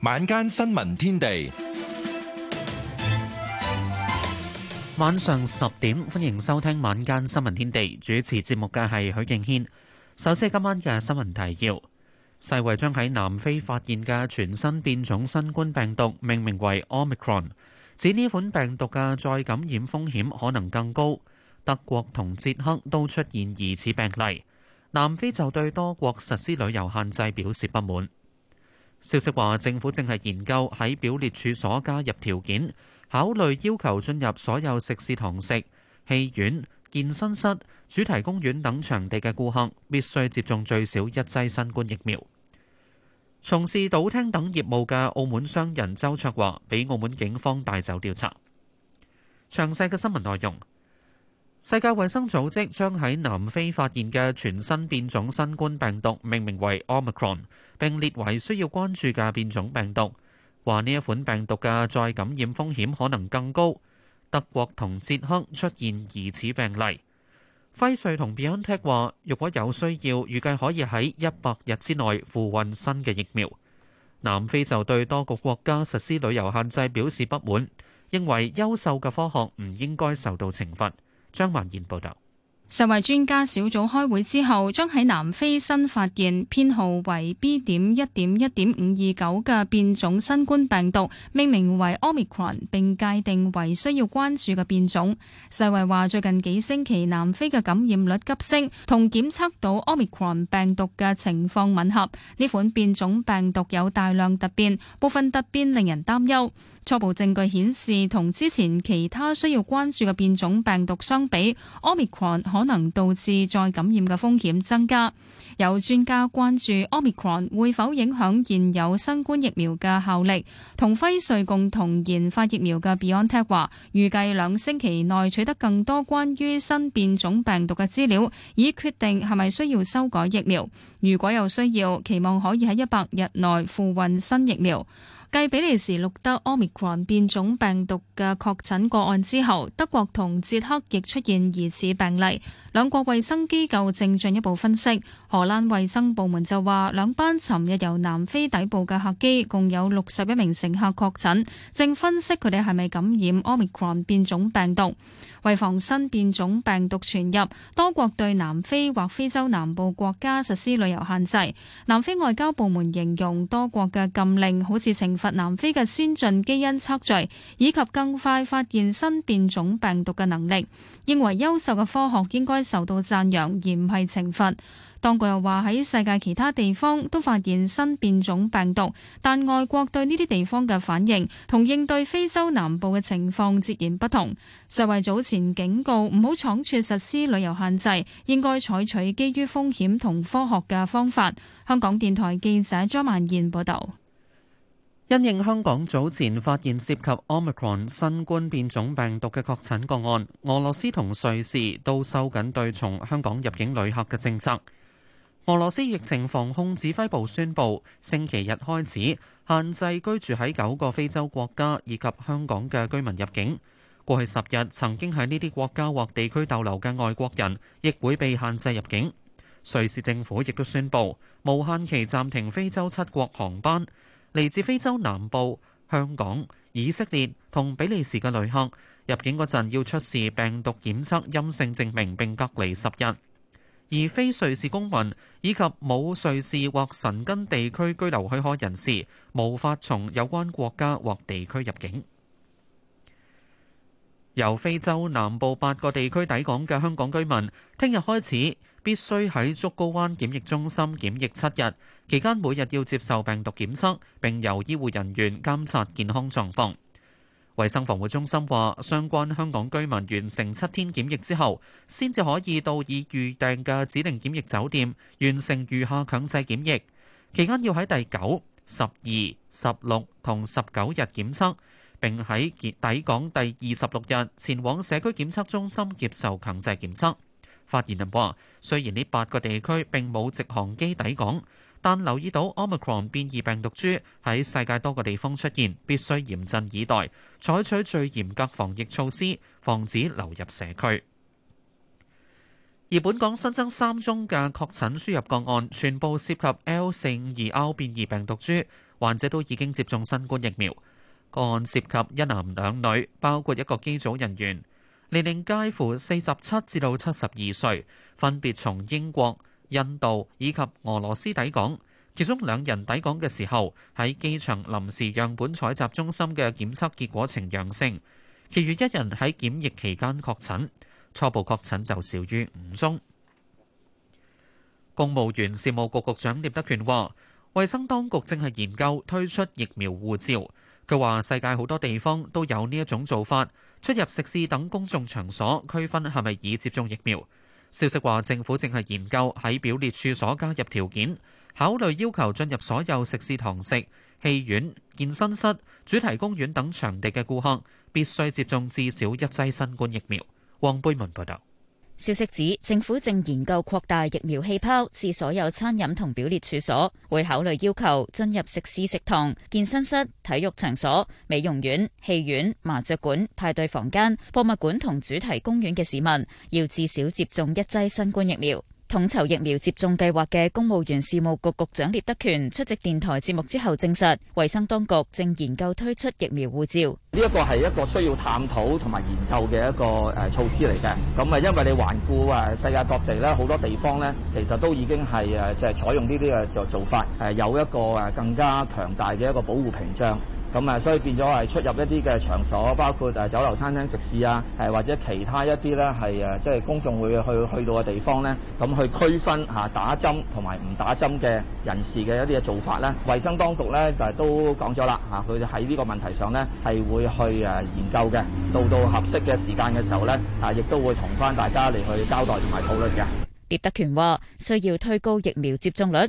晚間新聞天地，晚上十點歡迎收聽晚間新聞天地。主持節目嘅係許敬軒。首先係今晚嘅新聞提要：世衛將喺南非發現嘅全新變種新冠病毒命名為 Omicron，指呢款病毒嘅再感染風險可能更高。德國同捷克都出現疑似病例，南非就對多國實施旅遊限制表示不滿。消息話，政府正係研究喺表列處所加入條件，考慮要求進入所有食肆、堂食、戲院、健身室、主題公園等場地嘅顧客必須接種最少一劑新冠疫苗。從事賭廳等業務嘅澳門商人周卓華俾澳門警方帶走調查。詳細嘅新聞內容。世界衛生組織將喺南非發現嘅全新變種新冠病毒命名為 Omicron，並列為需要關注嘅變種病毒。話呢一款病毒嘅再感染風險可能更高。德國同捷克出現疑似病例。輝瑞同 BioNTech 話，如果有需要，預計可以喺一百日之內付運新嘅疫苗。南非就對多個國家實施旅遊限制表示不滿，認為優秀嘅科學唔應該受到懲罰。張曼燕報道，世衛專家小組開會之後，將喺南非新發現編號為 B. 點一點一點五二九嘅變種新冠病毒，命名為 Omicron，並界定為需要關注嘅變種。世衛話，最近幾星期南非嘅感染率急升，同檢測到 Omicron 病毒嘅情況吻合。呢款變種病毒有大量突變，部分突變令人擔憂。初步證據顯示，同之前其他需要關注嘅變種病毒相比，Omicron 可能導致再感染嘅風險增加。有專家關注 Omicron 會否影響現有新冠疫苗嘅效力。同輝瑞共同研發疫苗嘅 BioNTech 話，預計兩星期內取得更多關於新變種病毒嘅資料，以決定係咪需要修改疫苗。如果有需要，期望可以喺一百日內付運新疫苗。繼比利時錄得 Omicron 變種病毒嘅確診個案之後，德國同捷克亦出現疑似病例，兩國衛生機構正進一步分析。荷蘭衛生部門就話，兩班尋日由南非抵埗嘅客機共有六十一名乘客確診，正分析佢哋係咪感染 Omicron 變種病毒。為防新變種病毒傳入，多國對南非或非洲南部國家實施旅遊限制。南非外交部門形容多國嘅禁令好似懲罰南非嘅先進基因測序，以及更快發現新變種病毒嘅能力，認為優秀嘅科學應該受到讚揚，而唔係懲罰。當局又話喺世界其他地方都發現新變種病毒，但外國對呢啲地方嘅反應同應對非洲南部嘅情況截然不同，世衛早前警告唔好倉促實施旅遊限制，應該採取基於風險同科學嘅方法。香港電台記者張曼燕報導。因應香港早前發現涉及 Omicron 新冠變種病毒嘅確診個案，俄羅斯同瑞士都收緊對從香港入境旅客嘅政策。俄羅斯疫情防控指揮部宣布，星期日開始限制居住喺九個非洲國家以及香港嘅居民入境。過去十日曾經喺呢啲國家或地區逗留嘅外國人，亦會被限制入境。瑞士政府亦都宣布無限期暫停非洲七國航班。嚟自非洲南部、香港、以色列同比利時嘅旅客入境嗰陣，要出示病毒檢測陰性證明並隔離十日。而非瑞士公民以及冇瑞士或神根地區居留許可人士，無法從有關國家或地區入境。由非洲南部八個地區抵港嘅香港居民，聽日開始必須喺竹篙灣檢疫中心檢疫七日，期間每日要接受病毒檢測，並由醫護人員監察健康狀況。衛生防護中心話，相關香港居民完成七天檢疫之後，先至可以到已預訂嘅指定檢疫酒店完成餘下強制檢疫，期間要喺第九、十二、十六同十九日檢測，並喺結抵港第二十六日前往社區檢測中心接受強制檢測。發言人話，雖然呢八個地區並冇直航機抵港。但留意到 Omicron 變異病毒株喺世界多個地方出現，必須嚴陣以待，採取最嚴格防疫措施，防止流入社區。而本港新增三宗嘅確診輸入個案，全部涉及 L452R 變異病毒株，患者都已經接種新冠疫苗。個案涉及一男兩女，包括一個機組人員，年齡介乎四十七至到七十二歲，分別從英國，印度以及俄羅斯抵港，其中兩人抵港嘅時候喺機場臨時樣本採集中心嘅檢測結果呈陽性，其餘一人喺檢疫期間確診，初步確診就少於五宗。公務員事務局局長聶德權話，衛生當局正係研究推出疫苗護照。佢話世界好多地方都有呢一種做法，出入食肆等公眾場所區分係咪已接種疫苗。消息話，政府正係研究喺表列處所加入條件，考慮要求進入所有食肆、堂食、戲院、健身室、主題公園等場地嘅顧客必須接種至少一劑新冠疫苗。黃貝文報道。消息指，政府正研究擴大疫苗氣泡至所有餐飲同表列處所，會考慮要求進入食肆、食堂、健身室、體育場所、美容院、戲院、麻雀館、派對房間、博物館同主題公園嘅市民，要至少接種一劑新冠疫苗。統籌疫苗接種計劃嘅公務員事務局局長聶德權出席電台節目之後證實，衛生當局正研究推出疫苗護照。呢一個係一個需要探討同埋研究嘅一個誒措施嚟嘅。咁啊，因為你環顧啊世界各地咧，好多地方咧，其實都已經係誒即係採用呢啲嘅做做法，誒有一個誒更加強大嘅一個保護屏障。咁啊，所以變咗係出入一啲嘅場所，包括誒酒樓餐廳食肆啊，誒或者其他一啲咧係誒即係公眾會去去到嘅地方咧，咁去區分吓打針同埋唔打針嘅人士嘅一啲嘅做法咧。衛生當局咧就係都講咗啦，吓，佢哋喺呢個問題上咧係會去誒研究嘅，到到合適嘅時間嘅時候咧，啊亦都會同翻大家嚟去交代同埋討論嘅。聶德權話需要推高疫苗接種率。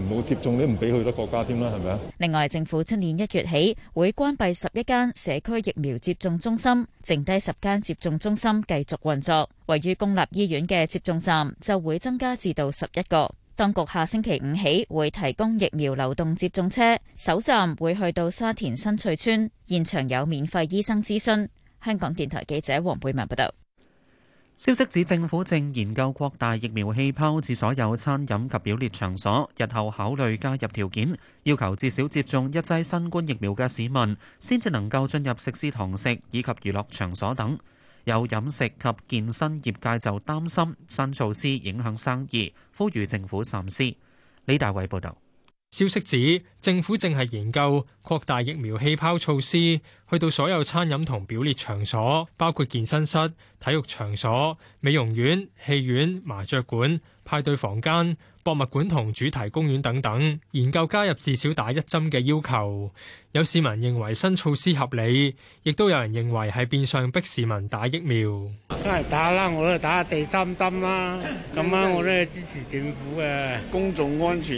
冇接種都唔俾去多國家添啦，係咪啊？另外，政府出年一月起會關閉十一間社區疫苗接種中心，剩低十間接種中心繼續運作。位於公立醫院嘅接種站就會增加至到十一個。當局下星期五起會提供疫苗流動接種車，首站會去到沙田新翠村，現場有免費醫生諮詢。香港電台記者黃貝文報道。消息指政府正研究擴大疫苗氣泡至所有餐飲及表列場所，日後考慮加入條件，要求至少接種一劑新冠疫苗嘅市民先至能夠進入食肆堂食以及娛樂場所等。有飲食及健身業界就擔心新措施影響生意，呼籲政府三思。李大偉報道。消息指政府正係研究擴大疫苗氣泡措施。去到所有餐飲同表列場所，包括健身室、體育場所、美容院、戲院、麻雀館、派對房間、博物館同主題公園等等，研究加入至少打一針嘅要求。有市民認為新措施合理，亦都有人認為係變相逼市民打疫苗。真係打啦，我都係打第三針啦。咁啊，我都係支持政府嘅公眾安全，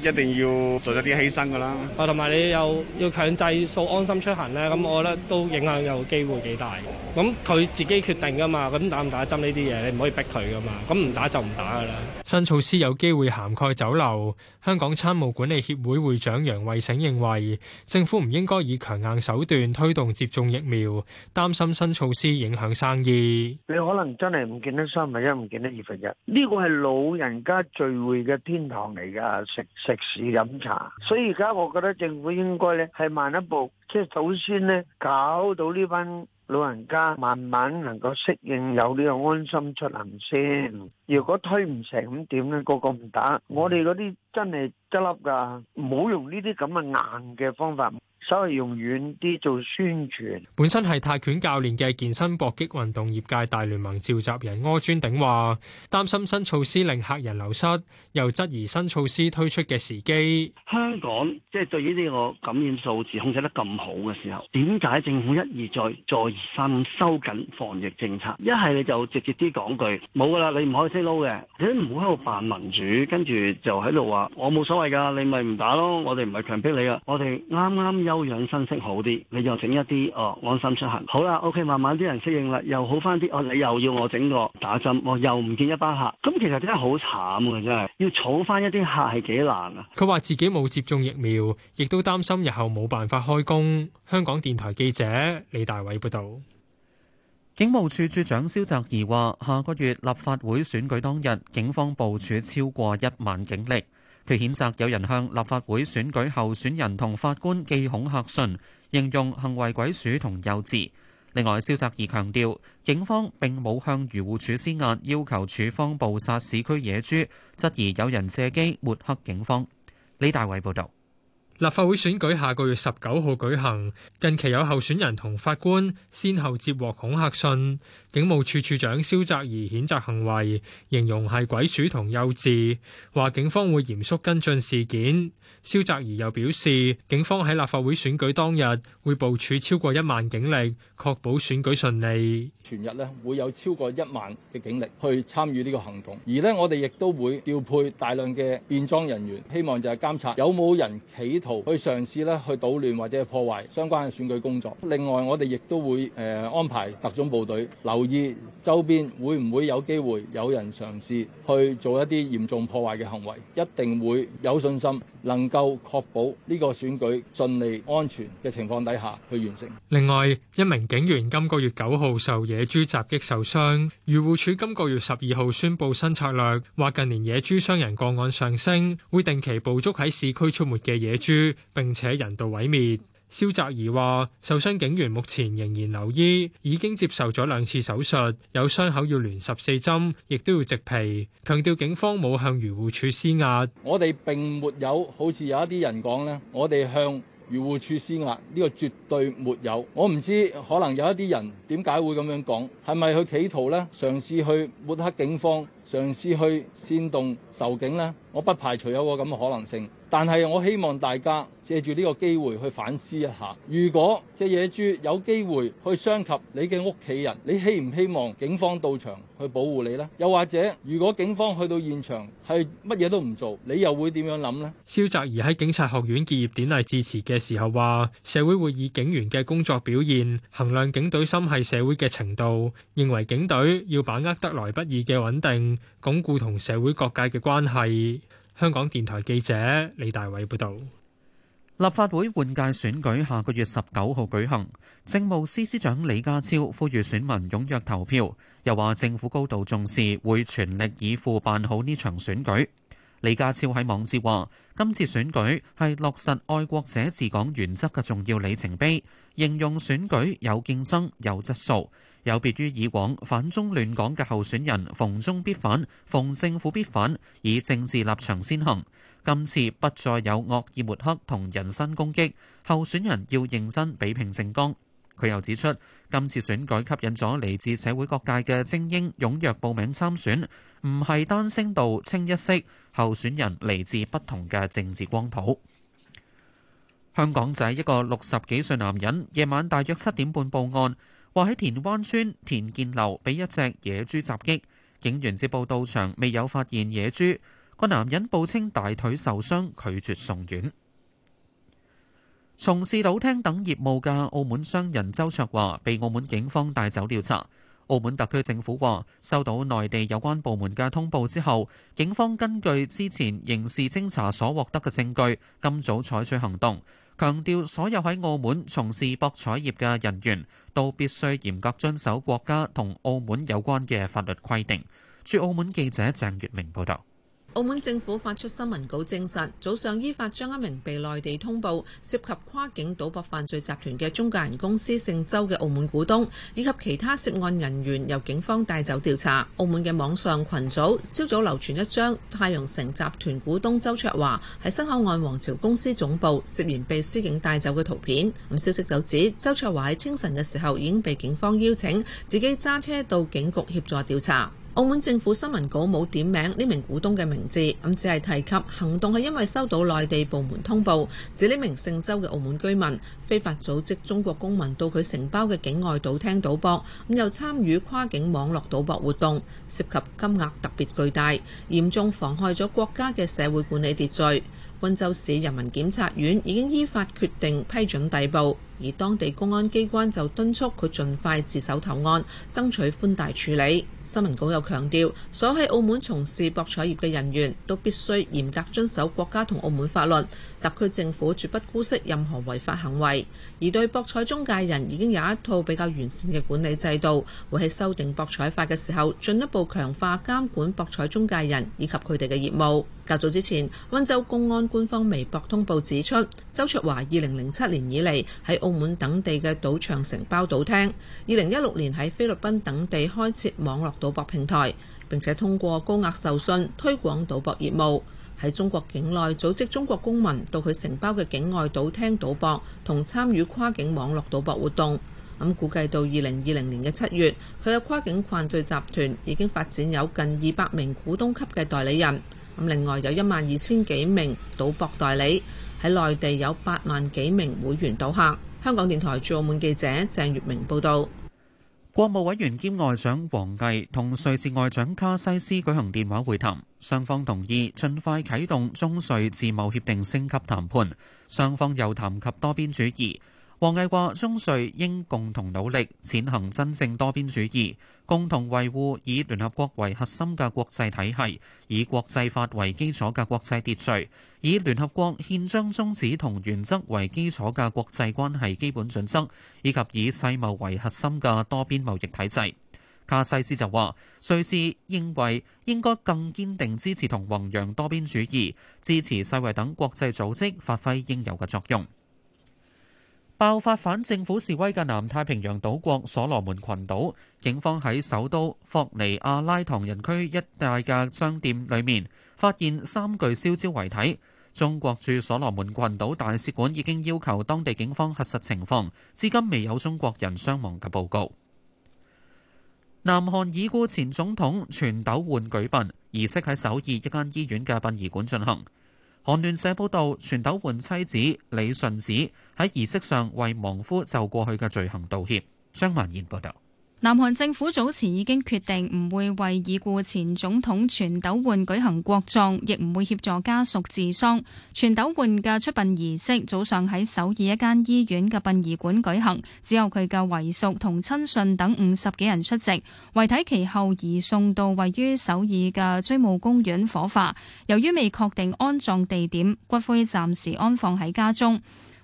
一定要做一啲犧牲噶啦。啊，同埋你又要強制掃安心出行咧，咁我。我覺得都影響有機會幾大，咁佢自己決定噶嘛，咁打唔打針呢啲嘢，你唔可以逼佢噶嘛，咁唔打就唔打噶啦。新措施有機會涵蓋酒樓。香港餐務管理協會會長楊位醒認為，政府唔應該以強硬手段推動接種疫苗，擔心新措施影響生意。你可能真係唔見得三分一，唔見得二分一。呢個係老人家聚會嘅天堂嚟噶，食食肆飲茶。所以而家我覺得政府應該咧係慢一步，即係首先呢搞到呢班，老人家慢慢能夠適應，有呢個安心出行先。如果推唔成，咁點咧？個個唔打，我哋嗰啲真係執笠噶。唔好用呢啲咁嘅硬嘅方法。稍微用遠啲做宣傳。本身係泰拳教練嘅健身搏擊運動業界大聯盟召集人柯尊鼎話擔心新措施令客人流失，又質疑新措施推出嘅時機，香港即係、就是、對於呢個感染數字控制得咁好嘅時候，點解政府一而再再而三收緊防疫政策？一係你就直接啲講句，冇噶啦，你唔可以 SAY 食撈嘅，你唔好喺度扮民主，跟住就喺度話我冇所謂噶，你咪唔打咯，我哋唔係強迫你啊，我哋啱啱休養生息好啲，你就整一啲哦，安心出行。好啦，OK，慢慢啲人適應啦，又好翻啲哦。你又要我整個打針，我又唔見一班客。咁其實真係好慘嘅，真係要儲翻一啲客係幾難啊！佢話自己冇接種疫苗，亦都擔心日後冇辦法開工。香港電台記者李大偉報導。警務處處長蕭澤頤話：下個月立法會選舉當日，警方部署超過一萬警力。佢譴責有人向立法會選舉候選人同法官寄恐嚇信，形容行為鬼鼠同幼稚。另外，蕭澤頤強調，警方並冇向漁護署施壓要求署方捕殺市區野豬，質疑有人借機抹黑警方。李大偉報導。立法會選舉下個月十九號舉行，近期有候選人同法官先後接獲恐嚇信，警務處處長蕭澤頤譴責行為，形容係鬼鼠同幼稚，話警方會嚴肅跟進事件。蕭澤頤又表示，警方喺立法會選舉當日會部署超過一萬警力，確保選舉順利。全日咧會有超過一萬嘅警力去參與呢個行動，而咧我哋亦都會調配大量嘅便裝人員，希望就係監察有冇人企圖，去嘗試咧，去搗亂或者破壞相關嘅選舉工作。另外，我哋亦都會誒、呃、安排特種部隊留意周邊，會唔會有機會有人嘗試去做一啲嚴重破壞嘅行為。一定會有信心能夠確保呢個選舉順利安全嘅情況底下去完成。另外，一名警員今個月九號受野豬襲擊受傷。漁護署今個月十二號宣布新策略，話近年野豬傷人個案上升，會定期捕捉喺市區出沒嘅野豬。並且人道毀滅。蕭澤頤話：受傷警員目前仍然留醫，已經接受咗兩次手術，有傷口要連十四針，亦都要植皮。強調警方冇向漁護署施壓，我哋並沒有好似有一啲人講咧，我哋向漁護署施壓呢個絕對沒有。我唔知可能有一啲人點解會咁樣講，係咪去企圖咧嘗試去抹黑警方？嘗試去煽動仇警咧，我不排除有個咁嘅可能性。但係我希望大家借住呢個機會去反思一下：如果隻野豬有機會去傷及你嘅屋企人，你希唔希望警方到場去保護你咧？又或者如果警方去到現場，係乜嘢都唔做，你又會點樣諗咧？蕭澤頤喺警察學院結業典禮致辭嘅時候話，社會會以警員嘅工作表現衡量警隊心係社會嘅程度，認為警隊要把握得來不易嘅穩定。鞏固同社會各界嘅關係。香港電台記者李大偉報道，立法會換屆選舉下個月十九號舉行。政務司司長李家超呼籲選民踊躍投票，又話政府高度重視，會全力以赴辦好呢場選舉。李家超喺網誌話，今次選舉係落實愛國者治港原則嘅重要里程碑，形容選舉有競爭、有質素。有別於以往反中亂港嘅候選人，逢中必反，逢政府必反，以政治立場先行。今次不再有惡意抹黑同人身攻擊，候選人要認真比拼政綱。佢又指出，今次選舉吸引咗嚟自社會各界嘅精英踴躍報名參選，唔係單聲道清一色，候選人嚟自不同嘅政治光譜。香港仔一個六十幾歲男人，夜晚大約七點半報案。話喺田灣村田建樓俾一隻野豬襲擊，警員接報到場，未有發現野豬。個男人報稱大腿受傷，拒絕送院。從事賭廳等業務嘅澳門商人周卓華被澳門警方帶走調查。澳門特區政府話：收到內地有關部門嘅通報之後，警方根據之前刑事偵查所獲得嘅證據，今早採取行動，強調所有喺澳門從事博彩業嘅人員都必須嚴格遵守國家同澳門有關嘅法律規定。駐澳門記者鄭月明報道。澳門政府發出新聞稿證實，早上依法將一名被內地通報涉及跨境賭博犯罪集團嘅中介人公司姓周嘅澳門股東以及其他涉案人員由警方帶走調查。澳門嘅網上群組朝早流傳一張太陽城集團股東周卓華喺新口岸王朝公司總部涉嫌被司警帶走嘅圖片。咁消息就指，周卓華喺清晨嘅時候已經被警方邀請，自己揸車到警局協助調查。澳門政府新聞稿冇點名呢名股東嘅名字，咁只係提及行動係因為收到內地部門通報，指呢名姓周嘅澳門居民非法組織中國公民到佢承包嘅境外賭廳賭博，咁又參與跨境網絡賭博活動，涉及金額特別巨大，嚴重妨害咗國家嘅社會管理秩序。温州市人民檢察院已經依法決定批准逮捕。而當地公安機關就敦促佢盡快自首投案，爭取寬大處理。新聞稿又強調，所喺澳門從事博彩業嘅人員都必須嚴格遵守國家同澳門法律，特區政府絕不姑息任何違法行為。而對博彩中介人已經有一套比較完善嘅管理制度，會喺修訂博彩法嘅時候進一步強化監管博彩中介人以及佢哋嘅業務。較早之前，溫州公安官方微博通報指出，周卓華二零零七年以嚟喺澳。澳門等地嘅賭場承包賭廳，二零一六年喺菲律賓等地開設網絡賭博平台，並且通過高額授信推廣賭博業務。喺中國境內組織中國公民到佢承包嘅境外賭廳賭博同參與跨境網絡賭博活動。咁估計到二零二零年嘅七月，佢嘅跨境犯罪集團已經發展有近二百名股東級嘅代理人，咁另外有一萬二千幾名賭博代理喺內地有八萬幾名會員賭客。香港電台駐澳門記者鄭月明報道。國務委員兼外長王毅同瑞士外長卡西斯舉行電話會談，雙方同意盡快啟動中瑞自貿協定升級談判，雙方又談及多邊主義。王毅話：中瑞應共同努力，踐行真正多邊主義，共同維護以聯合國為核心嘅國際體系，以國際法為基礎嘅國際秩序，以聯合國憲章宗旨同原則為基礎嘅國際關係基本準則，以及以世貿為核心嘅多邊貿易體制。卡西斯就話：瑞士認為應該更堅定支持同弘揚多邊主義，支持世衛等國際組織發揮應有嘅作用。爆發反政府示威嘅南太平洋島國所羅門群島，警方喺首都霍尼亞拉唐人區一帶嘅商店裏面發現三具燒焦遺體。中國駐所羅門群島大使館已經要求當地警方核實情況，至今未有中國人傷亡嘅報告。南韓已故前總統全斗煥舉辦儀式喺首爾一間醫院嘅殯儀館進行。韓聯社報道，全斗煥妻子李順子喺儀式上為亡夫就過去嘅罪行道歉。張曼賢報道。南韓政府早前已經決定唔會為已故前總統全斗煥舉行國葬，亦唔會協助家屬治喪。全斗煥嘅出殯儀式早上喺首爾一間醫院嘅殯儀館舉行，只有佢嘅遺屬同親信等五十幾人出席。遺體其後移送到位於首爾嘅追慕公園火化。由於未確定安葬地點，骨灰暫時安放喺家中。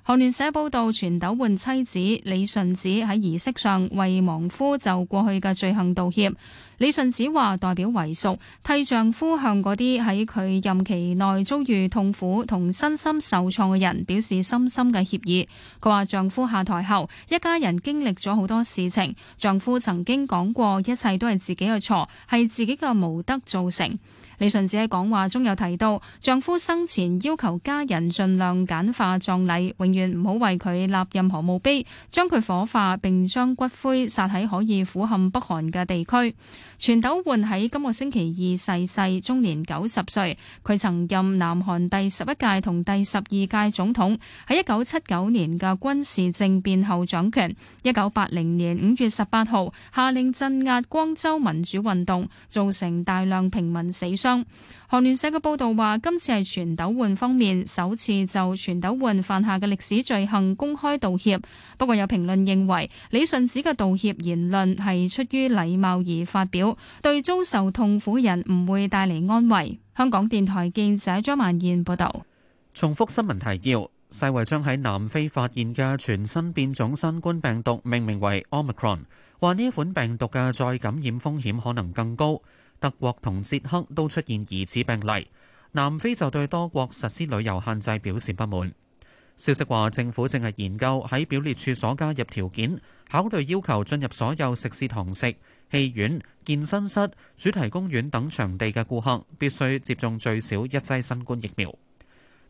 韓聯社報道，全斗煥妻子李順子喺儀式上為亡夫就過去嘅罪行道歉。李順子話代表遺屬替丈夫向嗰啲喺佢任期內遭遇痛苦同身心受創嘅人表示深深嘅歉意。佢話丈夫下台後，一家人經歷咗好多事情。丈夫曾經講過，一切都係自己嘅錯，係自己嘅無德造成。李順子喺講話中有提到，丈夫生前要求家人儘量簡化葬禮，永遠唔好為佢立任何墓碑，將佢火化並將骨灰撒喺可以俯瞰北韓嘅地區。全斗煥喺今個星期二逝世，世，終年九十歲。佢曾任南韓第十一屆同第十二屆總統，喺一九七九年嘅軍事政變後掌權。一九八零年五月十八號下令鎮壓光州民主運動，造成大量平民死傷。韓聯社嘅報道話，今次係全斗煥方面首次就全斗煥犯下嘅歷史罪行公開道歉。不過有評論認為，李順子嘅道歉言論係出於禮貌而發表，對遭受痛苦人唔會帶嚟安慰。香港電台記者張曼燕報道。重複新聞提要：世衛將喺南非發現嘅全新變種新冠病毒命名為 Omicron，話呢款病毒嘅再感染風險可能更高。德國同捷克都出現疑似病例，南非就對多國實施旅遊限制表示不滿。消息話，政府正係研究喺表列處所加入條件，考慮要求進入所有食肆、堂食、戲院、健身室、主題公園等場地嘅顧客必須接種最少一劑新冠疫苗。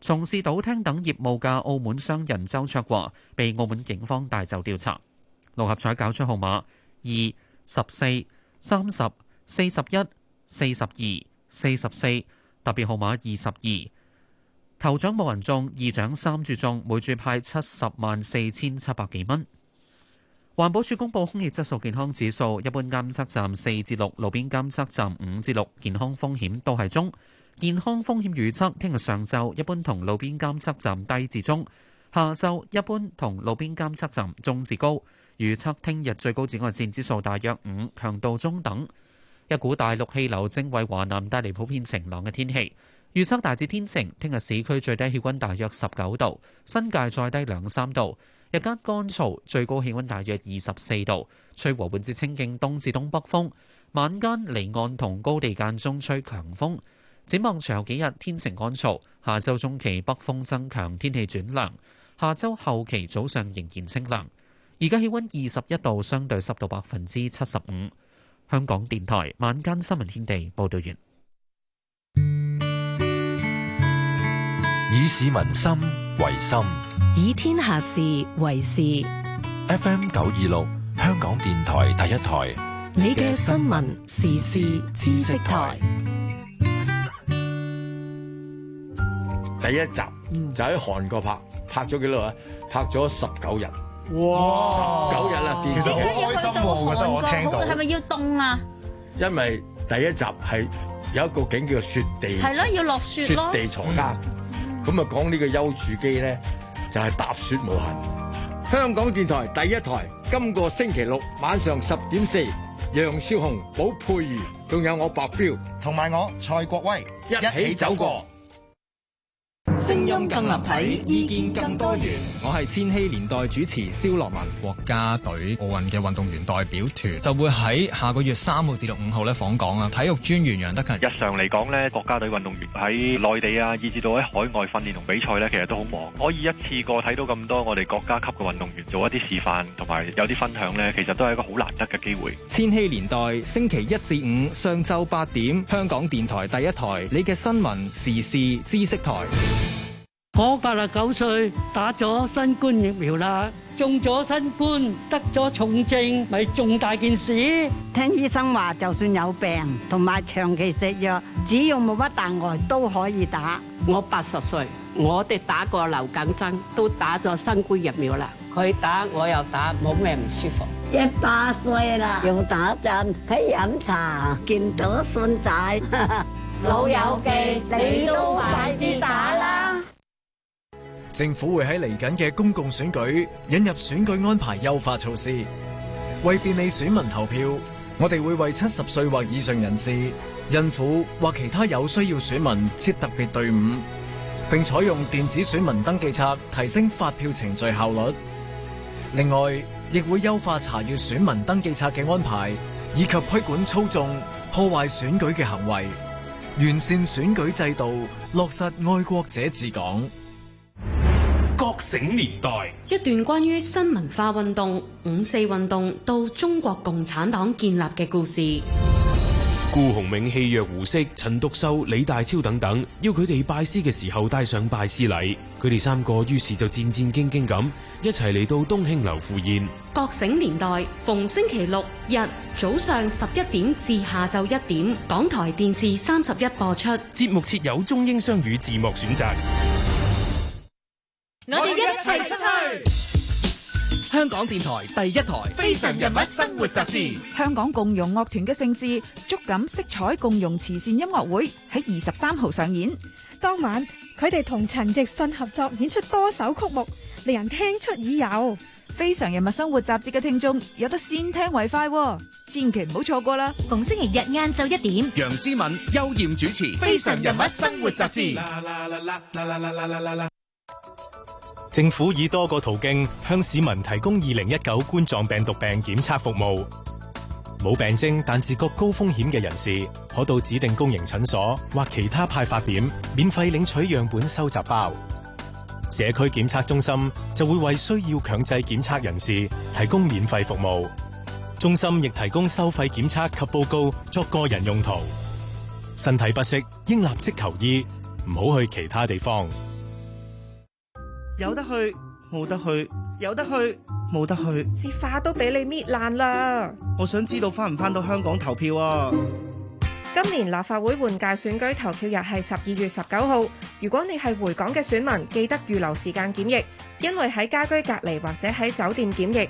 從事賭廳等業務嘅澳門商人周卓華，被澳門警方帶走調查。六合彩搞出號碼：二、十四、三十、四十一。四十二、四十四，特別號碼二十二。頭獎冇人中，二獎三注中，每注派七十萬四千七百幾蚊。環保署公布空氣質素健康指數，一般監測站四至六，路邊監測站五至六，健康風險都係中。健康風險預測，聽日上晝一般同路邊監測站低至中，下晝一般同路邊監測站中至高。預測聽日最高紫外線指數大約五，強度中等。一股大陸氣流正為華南帶嚟普遍晴朗嘅天氣，預測大致天晴。聽日市區最低氣温大約十九度，新界再低兩三度。日間乾燥，最高氣温大約二十四度，吹和緩至清勁東至東北風。晚間離岸同高地間中吹強風。展望隨後幾日天晴乾燥，下週中期北風增強，天氣轉涼。下周後期早上仍然清涼。而家氣温二十一度，相對濕度百分之七十五。香港電台晚間新聞天地報道完，以市民心為心，以天下事為事。FM 九二六，香港電台第一台，你嘅新聞時事知識台第一集就喺韓國拍，拍咗幾耐啊？拍咗十九日。哇！九日啦，點解要去到韓國？係咪要凍啊？因為第一集係有一個景叫雪地，係咯，要落雪咯。雪地藏鶏，咁啊講呢個丘處機咧，就係踏雪無痕。香港電台第一台，今個星期六晚上十點四，楊少雄、寶佩如，仲有我白彪，同埋我蔡國威，一起走過。聲音更立體，意見更多元。我係千禧年代主持蕭樂文，國家隊奧運嘅運動員代表團就會喺下個月三號至到五號咧訪港啊！體育專員楊德勤，日常嚟講咧，國家隊運動員喺內地啊，以至到喺海外訓練同比賽咧，其實都好忙。可以一次過睇到咁多我哋國家級嘅運動員做一啲示範同埋有啲分享咧，其實都係一個好難得嘅機會。千禧年代星期一至五上晝八點，香港電台第一台，你嘅新聞時事知識台。我八十九歲，打咗新冠疫苗啦，中咗新冠，得咗重症，咪重大件事。聽醫生話，就算有病同埋長期食藥，只要冇乜大礙都可以打。我八十歲，我哋打過流感針，都打咗新冠疫苗啦。佢打，我又打，冇咩唔舒服。一百歲啦，用打針，喺飲茶，見到孫仔，老友記，你都快啲打。政府會喺嚟緊嘅公共選舉引入選舉安排優化措施，為便利選民投票，我哋會為七十歲或以上人士、孕婦或其他有需要選民設特別隊伍，并採用電子選民登記冊，提升發票程序效率。另外，亦會優化查閱選民登記冊嘅安排，以及規管操縱，破壞選舉嘅行為，完善選舉制度，落實愛國者治港。覺醒年代，一段關於新文化運動、五四運動到中國共產黨建立嘅故事。辜鴻銘、戲約胡適、陳獨秀、李大釗等等，要佢哋拜師嘅時候帶上拜師禮。佢哋三個於是就戰戰兢兢咁一齊嚟到東興樓赴宴。覺醒年代逢星期六日早上十一點至下晝一點，港台電視三十一播出。節目設有中英雙語字幕選擇。我哋一齊出去！香港電台第一台《非常人物生活雜誌》香港共融樂團嘅盛事，觸感色彩共融慈善音樂會喺二十三號上演。當晚佢哋同陳奕迅合作演出多首曲目，令人聽出耳油。《非常人物生活雜誌》嘅聽眾有得先聽為快，千祈唔好錯過啦！逢星期日晏晝一點，楊思敏、邱艷主持《非常人物生活雜誌》。政府以多個途徑向市民提供二零一九冠狀病毒病檢測服務。冇病徵但自覺高風險嘅人士，可到指定公營診所或其他派發點免費領取樣本收集包。社區檢測中心就會為需要強制檢測人士提供免費服務。中心亦提供收費檢測及報告作個人用途。身體不適，應立即求醫，唔好去其他地方。有得去冇得去，有得去冇得去，字花都俾你搣爛啦！我想知道返唔返到香港投票啊？今年立法會換屆選舉投票日係十二月十九號，如果你係回港嘅選民，記得預留時間檢疫，因為喺家居隔離或者喺酒店檢疫。